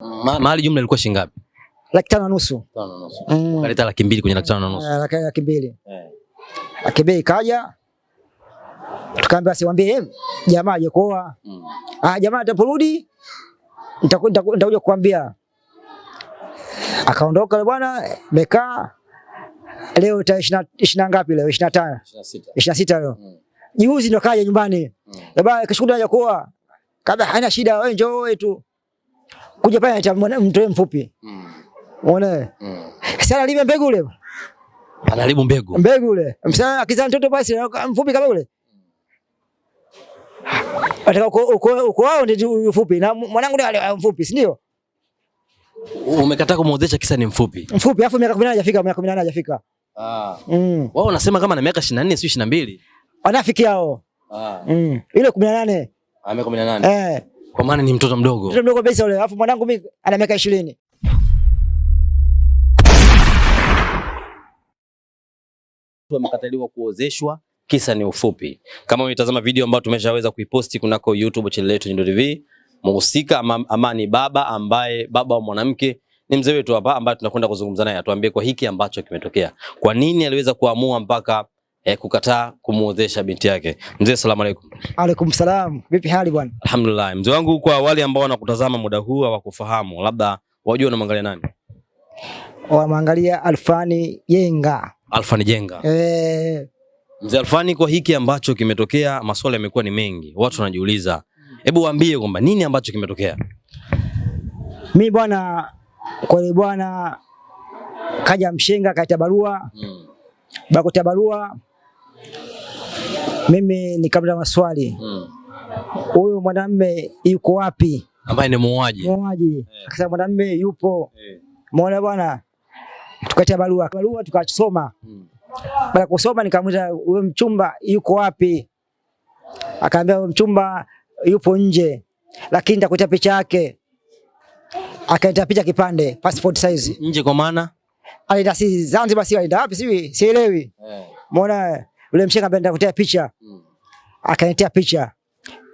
Mm. mahali jumla ilikuwa shilingi ngapi? Laki tano na nusu. Mm. Kaleta laki mbili kwenye laki tano na nusu. Eh, laki mbili. Laki mbili eh. kaja. Tukaambia si waambie jamaa aje kuoa. Mm. Ah, jamaa ataporudi nitakuja kukwambia. Akaondoka yule bwana, mekaa leo tarehe ishirini na ngapi leo? ishirini na tano ishirini na sita leo. Juzi ndo kaja nyumbani. Mm. Baba kashukuru aje kuoa. Kabla haina shida, wewe njoo wewe tu kuja pale cha mtu mfupi. Mm. Unaona? Mm. Sasa alime mbegu ule. Analibu mbegu. Mbegu ule. Msana akizaa mtoto basi mfupi kama ule. Ataka uko uko uko wao ndio mfupi na mwanangu ndio ale mfupi, si ndio? Umekataa kumuozesha kisa ni mfupi. Mfupi afu miaka 18 hajafika, miaka 18 hajafika. Ah. Mm. Wao unasema kama na miaka 24 sio 22. Wanafiki hao. Ah. Mm. Ile 18. Ame 18. Eh. Kwa maana ni mtoto mdogo. Mtoto mdogo pesa yule. Alafu mwanangu mimi ana miaka 20. Wamekataliwa kuozeshwa kisa ni ufupi. Kama umetazama video ambayo tumeshaweza kuiposti kunako YouTube channel yetu Nyundo TV, mhusika ama, ama ni baba ambaye baba wa mwanamke ni mzee wetu hapa ambaye tunakwenda kuzungumza naye atuambie kwa hiki ambacho kimetokea. Kwa nini aliweza kuamua mpaka eh, kukataa kumuozesha binti yake. Mzee, salamu alaikum. Alaikum salam. Vipi hali bwana? Alhamdulillah. Mzee wangu, kwa wale ambao wanakutazama muda huu hawakufahamu, labda wajue wanamwangalia nani? Wamwangalia Alfani Jenga. Alfani Jenga. Eh. Mzee Alfani, kwa hiki ambacho kimetokea, maswali yamekuwa ni mengi, watu wanajiuliza, hebu waambie kwamba nini ambacho kimetokea. Mi bwana, kwa bwana, kaja mshenga kaita barua mm. bakuta barua mimi ni kabla maswali hmm. huyu hmm. mwanamume yuko wapi? ambaye ni muuaji muuaji akasema eh. mwanamume yupo eh. Muona bwana, tukatia barua barua tukasoma hmm. Baada kusoma nikamwita wewe mchumba yuko wapi? Akaambia wewe mchumba yupo nje, lakini nitakutia picha yake. Akaenda picha kipande passport size nje, kwa maana alienda si Zanzibar, si alienda wapi, siwi sielewi. Eh. Muona yule mshika ambaye nitakutia picha. Mm. Akanitia picha.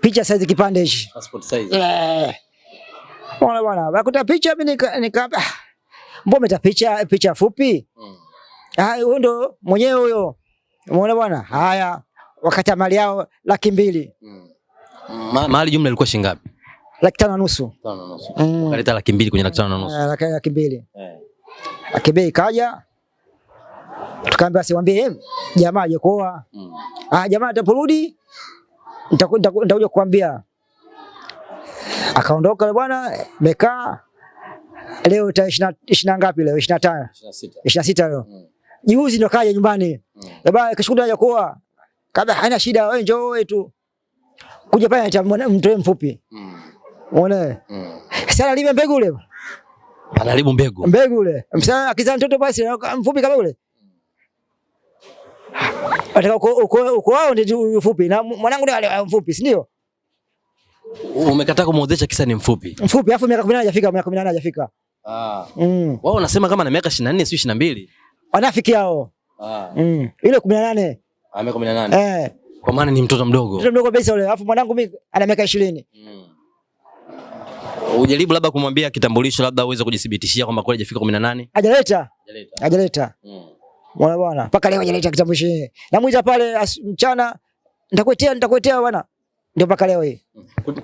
Picha size kipande hichi. Passport size. Eh. Ona bwana, wakuta picha mimi nika, nika ah. mbona umeta picha picha fupi? Mm. Ah, huyo ndo mwenyewe huyo. Umeona bwana? Haya, wakata mali yao laki mbili. Mm. Ma, mali jumla ilikuwa shilingi ngapi? Laki tano na nusu. Tano na nusu. Mm. Kaleta laki mbili kwenye laki tano na nusu. Eh, laki mbili. Eh. Laki mbili kaja Tukaambia basi mwambie jamaa aje kuoa. Mm. Ah, jamaa ataporudi nitakuja nitakuja kukwambia. Akaondoka bwana, mekaa leo tarehe ishirini ngapi leo? 25. sita leo. Mm. Juzi ndo kaja nyumbani. Mm. Baba kashukuru aje kuoa. Kabla haina shida, wewe njoo wetu Kuja pale nitamwona mtoe mfupi. mwone Sasa alime mbegu ule. Analibu mbegu. Mbegu ule. Msana akizaa mtoto basi mfupi kama ule. Wataka uko wao ndio mfupi na mwanangu ndio mfupi, si ndio? Umekataa kumuozesha kisa ni mfupi. Mfupi afu miaka 18 hajafika, miaka 18 hajafika. Ah. Mm. Wao wanasema kama na miaka 24 sio 22. Wanafiki hao. Ah. Mm. Ile 18. Ame 18. Eh. Kwa maana ni mtoto mdogo. Mtoto mdogo pesa yule. Alafu mwanangu mimi ana miaka 20. Mm. Ujaribu labda kumwambia kitambulisho labda uweze kujithibitishia kwamba kweli hajafika 18. Hajaleta. Hajaleta. Hajaleta. Mm. Mwana bwana. Paka leo hajaniita kitambulisho. Namuita pale mchana nitakuletea nitakuletea bwana. Ndio paka leo hii.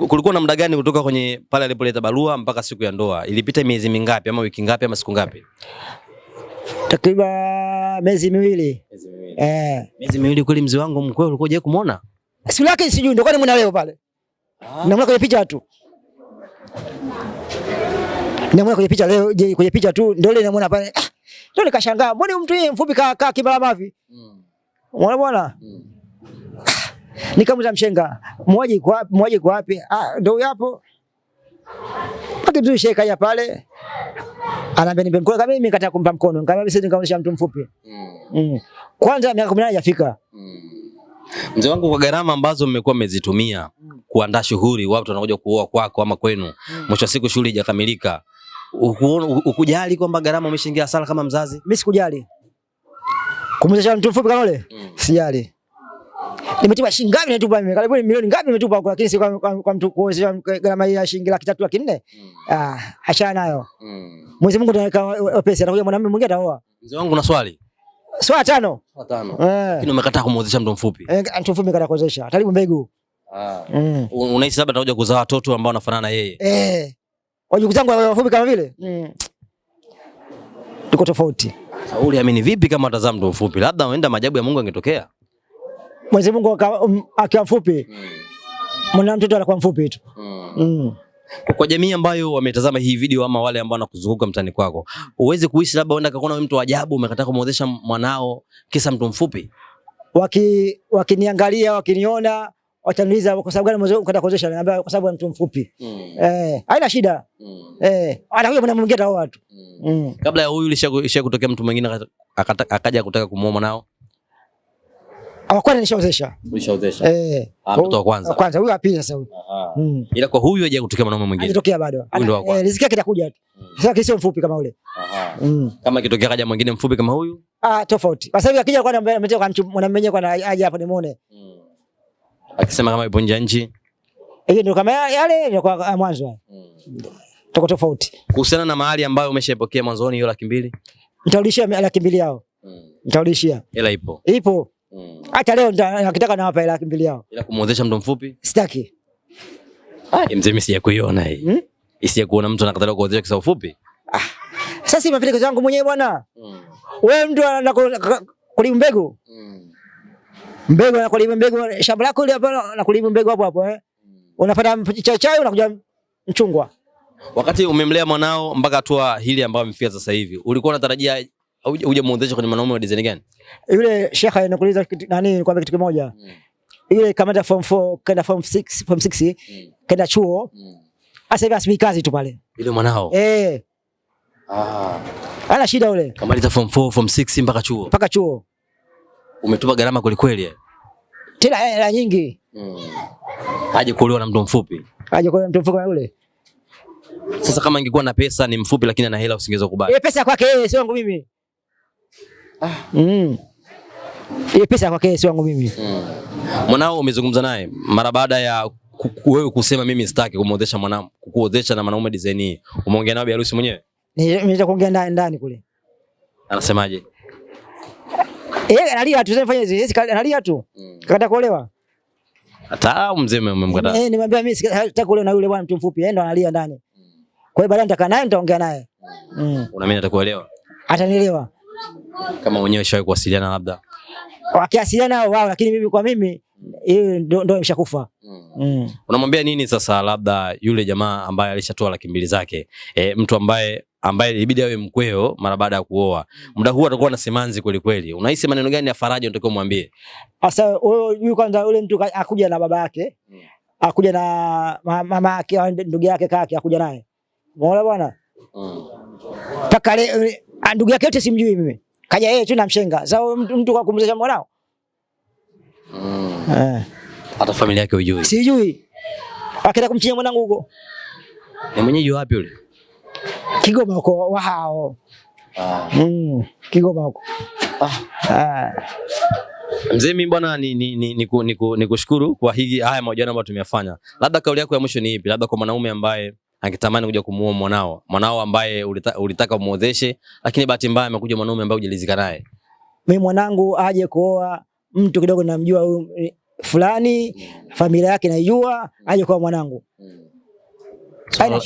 Kulikuwa na muda gani kutoka kwenye pale alipoleta barua mpaka siku ya ndoa? Ilipita miezi mingapi ama wiki ngapi ama siku ngapi? Takriban miezi miwili. Miezi miwili. Eh. Miezi miwili kweli mzee wangu mkwe ulikuwa je kumuona? Siku yake sijui ndio kwani mna leo pale. Ah. Namna kwenye picha tu. Namna kwenye picha leo je kwenye picha tu ndio ile namuona pale. Ah. Ndio nikashangaa, mbona mtu yeye mfupi kaa kaa kibala mavi? Mm. Unaona bwana? Mm. Nikamuza mshenga, mwaje iko wapi? Mwaje iko wapi? Ah, ndio yapo. Paki tu sheka ya pale. Anaambia nipe mkono, kama mimi nikataa kumpa mkono, nikamwambia mimi sisi mtu mfupi. Mm. Mm. Kwanza miaka 18 hajafika. Mm. Mzee wangu, kwa gharama ambazo mmekuwa mmezitumia kuandaa shughuli, watu wanakuja kuoa kwako ama kwenu, hmm. mwisho mm. wa siku shughuli haijakamilika ukujali kwamba gharama umeshaingia sala kama mzazi? Mimi sikujali kumwezesha mtu mfupi kama yule mm. Sijali nimetupa shilingi ngapi, nimetupa mimi karibu milioni ngapi nimetupa, lakini si kwa, kwa, kwa mtu kuwezesha gharama ya shilingi laki tatu laki nne mm. Ah, achana nayo mm. Mwenyezi Mungu ataweka pesa atakuja mwanamume mwingine ataoa. Mzee wangu na swali swali tano tano, eh. lakini umekataa kumwezesha mtu mfupi eh, mtu mfupi kataa kuwezesha, ataribu mbegu. Ah, mm. Unahisi labda atakuja kuzaa watoto ambao wanafanana na yeye eh wajuku zangu wafupi kama vile mm. tuko tofauti. Sauli amini vipi kama atazaa mtu mfupi? Labda aenda majabu ya Mungu angetokea. Mwenyezi Mungu um, akiwa mfupi mm. mwana mtoto anakuwa mfupi tu mm. mm. Kwa jamii ambayo wametazama hii video ama wale ambao wanakuzunguka mtani kwako, uwezi kuishi labda uenda kakuona wewe mtu ajabu, umekataa kumwozesha mwanao kisa mtu mfupi. Waki wakiniangalia wakiniona wataniuliza kwa sababu gani ukataka kuozesha? Naambia kwa sababu ya mtu mfupi. Mm. Eh, haina shida. Mm. Eh, anakuja kuna mwingine hao watu. Mm. Kabla ya huyu ilisha kutokea mtu mwingine akaja kutaka kumuoa nao. Awakwani nishaozesha. Nishaozesha. Eh, ah, mtoto wa kwanza. Kwanza huyu apili sasa huyu. Mm. Ila kwa huyu haja kutokea mwanaume mwingine. Hajatokea bado. Eh, riziki yake itakuja tu. Sasa kisio mfupi kama ule. Aha. Kama kitokea kaja mwingine mfupi kama huyu? Ah, tofauti. Sasa hivi akija kwa anambetea kwa mtu mwanaume mwenyewe kwa aje hapo nimuone akisema kama yupo nje nchi. Eh, hiyo ndio kama yale kwa mwanzo. Mm. Tuko tofauti. Kuhusiana na mahali ambayo umeshapokea mwanzoni hiyo laki mbili. Nitarudishia laki mbili yao. Mm. Nitarudishia. Hela ipo. Ipo. Mm. Hata leo nakitaka na hapa laki mbili yao. Ila kumuozesha mtu mfupi? Sitaki. Ah, mzee mimi sijakuiona hii. Hmm? kuona mtu anakataa kuozesha kisa ufupi? Ah. Sasa si mapendekezo yangu mwenyewe bwana. Mm. Wewe mtu anakulimbegu. Mm. Mbegu anakulipa mbegu shamba lako ile hapo anakulipa mbegu hapo hapo eh. Hmm. Unapata chai chai unakuja mchungwa. Wakati umemlea mwanao mpaka hatua hili ambayo amefikia sasa hivi, ulikuwa unatarajia uje muondeshe kwenye mwanaume wa design gani? Yule shekha anakuuliza nani, nikwambia kitu kimoja. Hmm. Yule kamanda form 4 kaenda form 6 form 6 mm. kaenda chuo. Sasa hivi hmm. asimi kazi tu pale. Yule mwanao. Eh. Ah. Ana shida yule. Kamaliza form 4 form 6 mpaka chuo. Mpaka chuo umetupa gharama kwelikweli, eh? tena hela nyingi mm. Aje kuolewa na mtu mfupi, aje kuolewa na mtu mfupi kama yule. Sasa kama ingekuwa na pesa ni mfupi, lakini ana hela, usingeweza kubali. Ile pesa kwake yeye, sio wangu mimi. Ah. Mm. Ile pesa kwake yeye, sio wangu mimi. Mm. Mwanao umezungumza naye mara baada ya wewe kusema mimi sitaki kumuozesha mwanamke, kukuozesha na mwanaume design hii. Umeongea naye harusi mwenyewe? Niweza kuongea ndani ndani kule. Anasemaje? Eh, analia eh, tu, sasa fanya hizi. Yes, analia tu. Kakata mm. kuolewa. Hata mzee umemkataa. Eh, nimwambia mimi sitaki kuolewa na yule bwana mtu mfupi. Yeye ndo analia ndani. Mm. Kwa hiyo baadaye nitaka naye nitaongea naye. Mm. mm. Unaamini atakuelewa? Atanielewa. Kama mwenyewe shawahi kuwasiliana labda. Wakiasiliana wao wao, lakini mimi kwa mimi hiyo ndo, ndo imeshakufa. Mm. Mm. Unamwambia nini sasa labda yule jamaa ambaye alishatoa laki mbili zake? E, mtu ambaye ambaye ilibidi awe mkweo mara baada ya kuoa. Mm. Muda huo atakuwa na simanzi kweli kweli. Unahisi maneno gani ya faraja unatakiwa mwambie? Sasa wewe juu kwanza yule mtu akuja na baba yake. Mm. Akuja na mama yake, au ndugu yake, kaka yake akuja naye. Unaona bwana? Mm. Paka le ndugu yake yote simjui mimi. Kaja yeye tu namshenga. Sasa mtu, mtu kwa kumzesha mwanao? Mm. Eh. Hata familia yake hujui. Sijui. Akaenda kumchinja mwanangu huko. Ni mwenyeji wapi yule? kigobako ah. hmm, ah. ah. Mzee, mimi bwana ni, ni, ni, ni, ni, ni kushukuru kwa hii haya mahojiano ambayo tumeyafanya. Labda kauli yako ya mwisho ni ipi? Labda kwa mwanaume ambaye angetamani kuja kumuoa mwanao, mwanao ambaye ulita, ulitaka umuozeshe, lakini bahati mbaya amekuja mwanaume ambaye hujalizika naye. Mimi mwanangu aje kuoa mtu kidogo namjua eh, fulani, hmm. familia yake naijua, aje kuoa mwanangu. Hmm.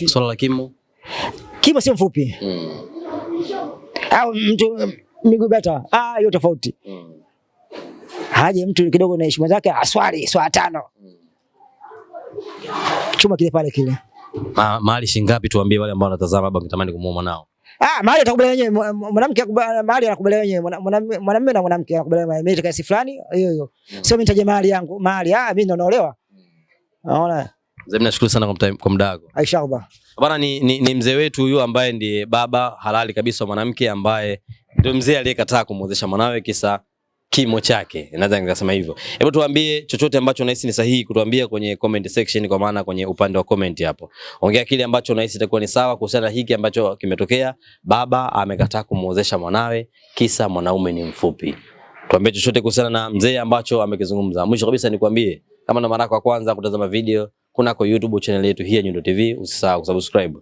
Swala la kimo sio mfupi au mtu miguu bata ah, hiyo tofauti haje mtu kidogo na heshima zake aswali ah, swala tano chuma kile pale kile Ma, mahali shingapi? Tuambie wale ambao wanatazama labda ungetamani kumuona nao. Ah, mahali atakubali wenyewe mwanamke, mahali anakubali wenyewe mwanamume na mwanamke anakubali wenyewe, mimi kesi fulani hiyo hiyo, mm. sio mimi nitaje mahali yangu mahali. Ah, mimi ndo naolewa, mm. naona. Mzee, nashukuru sana kwa muda wako. Aisha, baba bana ni, ni, ni mzee wetu huyu ambaye ndiye baba halali kabisa mwanamke ambaye ndio mzee aliyekataa kumwozesha mwanawe kisa kimo chake, naweza nikasema hivyo. Hebu tuambie chochote ambacho unahisi ni sahihi kutuambia kwenye comment section, kwa maana kwenye upande wa comment hapo, ongea kile ambacho unahisi itakuwa ni sawa kuhusiana na hiki ambacho kimetokea. Baba amekataa kumwozesha mwanawe kisa mwanaume ni mfupi. Tuambie chochote kuhusiana na mzee ambacho amekizungumza. Mwisho kabisa nikwambie, kama ndo mara yako ya kwanza kutazama video kunako YouTube channel yetu hii ya Nyundo TV. Usisahau kusubscribe.